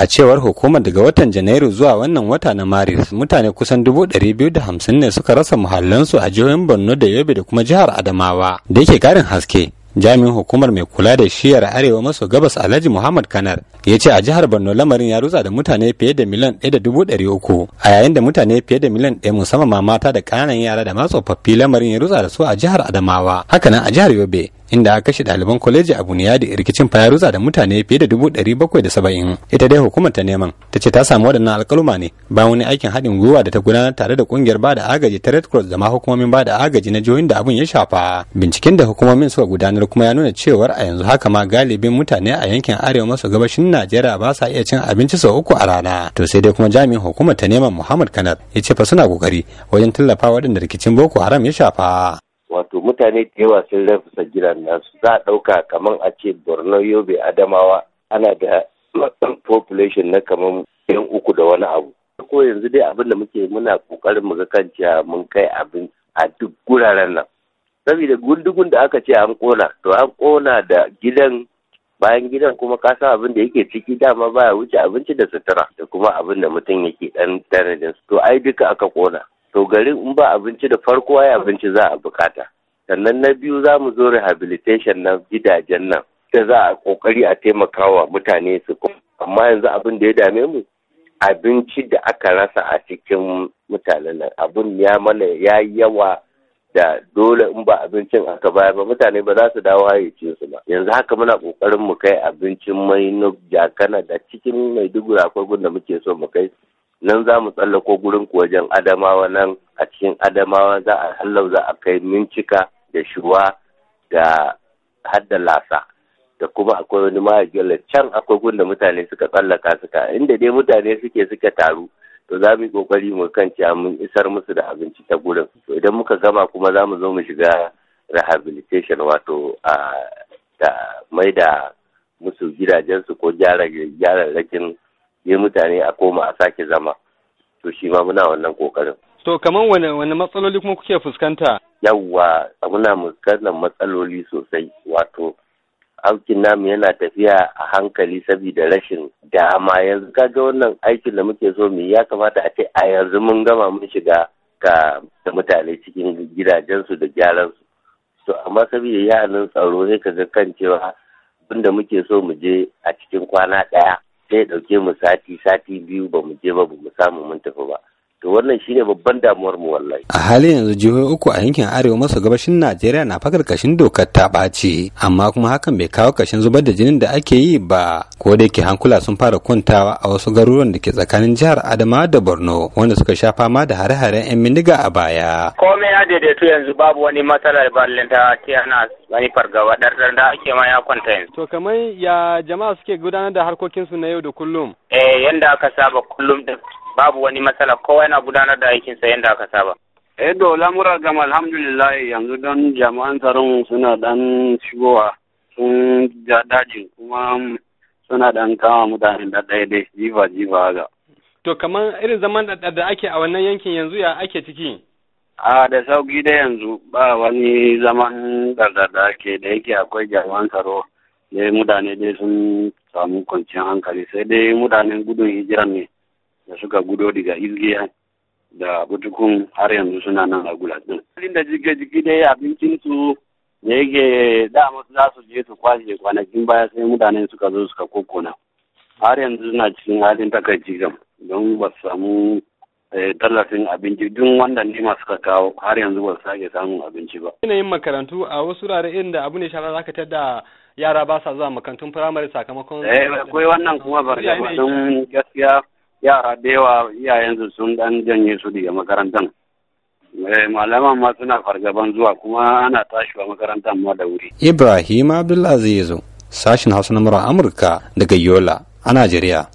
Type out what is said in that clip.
a cewar hukumar daga watan janairu zuwa wannan wata na maris mutane kusan dubu ɗari biyu da hamsin ne suka rasa muhallansu a jihohin borno da yobe da kuma jihar adamawa da yake karin haske jami'in hukumar mai kula da shiyar arewa maso gabas alhaji muhammad kanar ya ce a jihar borno lamarin ya rutsa da mutane fiye da miliyan ɗaya da dubu ɗari uku a yayin da mutane fiye da miliyan ɗaya musamman ma mata da ƙananan yara da ma tsofaffi lamarin ya rutsa da su a jihar adamawa Haka nan a jihar yobe inda aka kashe ɗaliban kwaleji a buniya da rikicin fayaruza da mutane fiye da dubu ɗari bakwai da saba'in ita dai hukumar ta neman ta ce ta samu waɗannan alƙaluma ne Ba wani aikin haɗin gwiwa da ta gudanar tare da ƙungiyar ba da agaji ta red cross da ma hukumomin ba da agaji na jihohin da abin ya shafa binciken da hukumomin suka gudanar kuma ya nuna cewar a yanzu haka ma galibin mutane a yankin arewa maso gabashin najeriya ba sa iya cin abinci sau uku a rana to sai dai kuma jami'in hukumar ta neman muhammad kanar ya ce fa suna kokari wajen tallafa waɗanda rikicin boko haram ya shafa wato mutane da yawa sun rafisa gidan nasu za a ɗauka kamar a ce borno yobe adamawa ana da population na kamar yan uku da wani abu ko yanzu dai abin da muke muna kokarin muga ga kan cewa mun kai abin a duk guraren nan saboda gundugun da aka ce an kona to an kona da gidan bayan gidan kuma ka san abin da yake ciki dama baya wuce abinci da sutura da kuma abin da mutum yake dan tanadin to ai duka aka kona to gari in ba abinci da farko ya abinci za a bukata sannan na biyu za mu zo rehabilitation na gidajen nan da za a kokari a taimaka wa mutane su amma yanzu abin da ya dame mu abinci da aka rasa a cikin mutanen nan abin ya mana ya yawa da dole in ba abincin aka baya ba mutane ba za su dawo hayyacin su ba yanzu haka muna kokarin mu kai abincin mai jakana da cikin maiduguri akwai gun da muke so mu kai su. nan za mu tsallako gurin wajen adamawa nan a cikin adamawa za a hallau za a kai mincika da shuwa da hadda lasa da kuma akwai wani mahajjala can akwai gunda mutane suka tsallaka suka inda dai mutane suke suka taru to za mu yi kokari mu kan mun isar musu da abinci ta gurin to idan muka gama kuma za mu zo mu shiga rehabilitation wato a da mai da musu gidajensu ko gyara gyararrakin yi mutane a koma a sake zama to shi ma muna wannan kokarin to kamar wane wani matsaloli kuma kuke fuskanta yawwa muna muskantar matsaloli sosai wato aikin namu yana tafiya a hankali saboda rashin dama yanzu kaga wannan aikin da muke so mu ya kamata a ce a yanzu mun gama mun shiga ka da mutane cikin gidajensu da gyaransu to amma saboda yanin tsaro sai ka ga kan cewa abinda muke so mu je a cikin kwana ɗaya sai ya ɗauke mu sati sati biyu ba mu je ba ba mu samu mun tafi ba to wannan shine babban damuwar mu wallahi a halin yanzu jihohi uku a yankin arewa maso gabashin najeriya na fakar kashin dokar ta ɓaci amma kuma hakan bai kawo kashin zubar da jinin da ake yi ba ko da yake hankula sun fara kwantawa a wasu garuruwan da ke tsakanin jihar adamawa da borno wanda suka sha fama da hare-haren yan bindiga a baya komai ya daidaitu yanzu babu wani matsalar ballin ta ce ana wani fargaba ɗarɗar da ake ma ya kwanta yanzu to kamar ya jama'a suke gudanar da harkokinsu na yau da kullum eh yanda aka saba kullum da babu wani matsala kowa yana gudanar da aikinsa yadda aka saba. Eh to lamura gam alhamdulillah yanzu don jami'an tsaron suna dan shigowa sun ja dajin kuma suna dan kama mutane da daidai, jifa jifa haka. To kamar irin zaman da ake a wannan yankin yanzu ya ake ciki? A da sauki da yanzu ba wani zaman da ake da yake akwai jami'an tsaro da mutane dai sun samu kwanciyar hankali sai dai mutanen gudun hijira ne. da suka gudo daga izgiya da butukun har yanzu suna nan a gula din. Halin da jirgin jirgi dai abincin su da yake da masu za su je su kwashe kwanakin baya sai mutane suka zo suka kokona. Har yanzu suna cikin halin takaici gam don ba su samu eh, tallafin abinci duk wanda nima suka kawo har yanzu ba su sake samun abinci ba. Yanayin makarantu a wasu wurare inda abu ne shara za ka tada yara ba sa zuwa makarantun firamare sakamakon. Eh akwai wannan kuma ba don gaskiya yara da yawa iyayensu sun dan janye su daga makarantar eh, malaman ma suna fargaban zuwa kuma ana tashi wa makarantar ma da wuri ibrahim abdulaziz sashin hausa na amurka daga yola a najeriya